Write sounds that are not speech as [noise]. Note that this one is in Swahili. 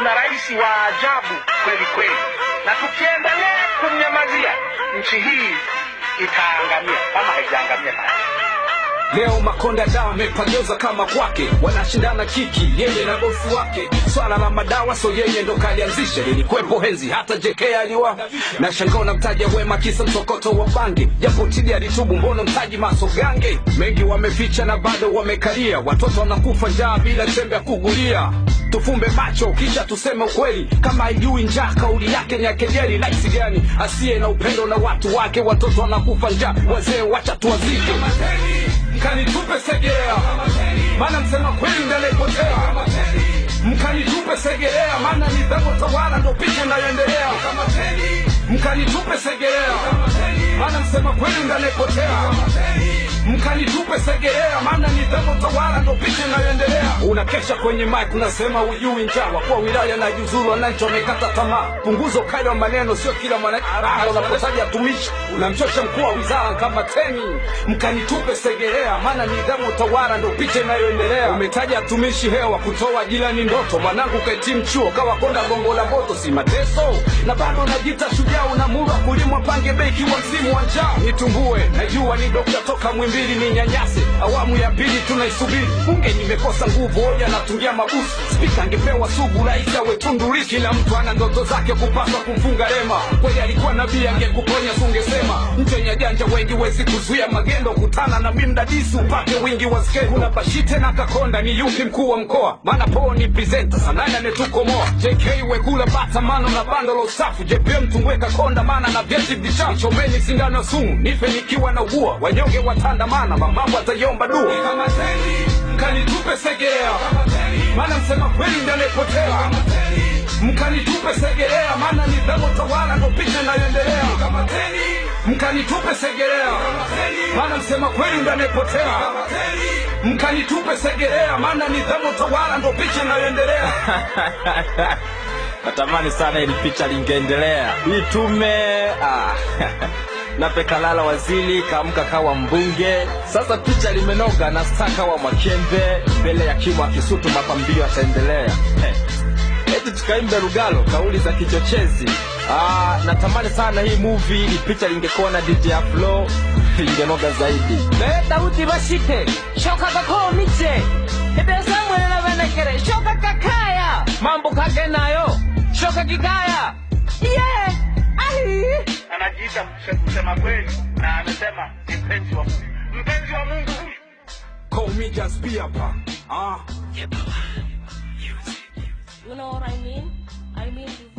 tuna rais wa ajabu kweli kweli, na tukiendelea kumnyamazia nchi hii itaangamia kama haijaangamia bado. Leo Makonda da amepageuza kama kwake, wanashindana kiki yeye na bosi wake. Swala la madawa so yeye ndo kalianzisha, lilikwepo henzi hata JK aliwa na shangao na mtaja Wema kisa msokoto wa bangi, japo Tidi alitubu, mbona mtaji masogange mengi wameficha na bado wamekalia, watoto wanakufa njaa bila chembe ya kugulia tufumbe macho kisha tuseme ukweli, kama ijui njaa kauli yake ni ya kejeli. Laisi gani asiye na upendo na watu wake? Watoto wanakufa njaa, wazee wacha tuwazike mkanitupe Segerea, maana msema kweli ndiye aliyepotea. Mkanitupe Segerea, maana ni dhambi tawala ndo picha inayoendelea. Mkanitupe Segerea, maana msema kweli ndiye aliyepotea segelea, maana nidhamu tawala ndo picha inayoendelea. Unakesha kwenye mic unasema ujui njaa, wakuu wa wilaya na juzuru wananchi wamekata tamaa. Punguzo kali wa maneno, sio kila mwananchi raha. Unapotaja tumishi unamchosha mkuu wa wizara kama teni. Mkanitupe segelea, maana nidhamu tawala ndo picha inayoendelea. Umetaja tumishi hewa, kutoa jilani ndoto, mwanangu kaiti mchuo kawa konda gongo la moto, si mateso na bado najita shujaa, unamura kulimwa pange beki wa msimu wa njaa. Nitumbue najua ni dokta toka Mwimbili ni nyanyasa basi awamu ya pili tunaisubiri. Bunge nimekosa nguvu, hoja natulia mabusu. Spika angepewa Sugu, rais awe Tundu Kila mtu ana ndoto zake, kupaswa kumfunga rema. Kweli alikuwa nabii, angekuponya sungesema. Mchenya janja wengi, wezi kuzuia magendo. Kutana na mimi mdadisi, upate wingi wa skeli. Kuna Bashite na Kakonda, ni yupi mkuu wa mkoa? Maana po ni presenter sanani, ametukomoa JK Wekula, bata mano na bando la usafu. JPM Mtungwe Kakonda, maana na vyeti vichafu. Chomeni sindano sumu, nife nikiwa na ugua, wanyonge watandamana mama wataiomba dua kama teni mkanitupe Segerea, maana msema kweli ndiye anayepotea. Mkanitupe Segerea, maana ni dhambi tawala kupita inayoendelea. Mkanitupe Segerea, maana msema kweli ndiye anayepotea. Mkanitupe Segerea, maana ni dhambi tawala ndo picha inayoendelea. [laughs] Natamani sana ili picha lingeendelea. Itume ah. [laughs] na pekalala wazili kaamka kawa mbunge. Sasa picha limenoga na staa kawa Mwakembe, mbele ya kimwa kisutu mapambio ataendelea hey. Eh, eti tukaimbe rugalo kauli za kichochezi. Ah, natamani sana hii movie ipicha lingekuwa na DJ flo [laughs] ingenoga zaidi. Be Daudi bashite shoka gakomije ebe Samuel na benekere shoka kakaya mambo kage nayo shoka kikaya yeah anajiita kusema kweli na anasema ni mpenzi wa Mungu. Mpenzi wa Mungu call me just be hapa. Ah. You know what I mean? I mean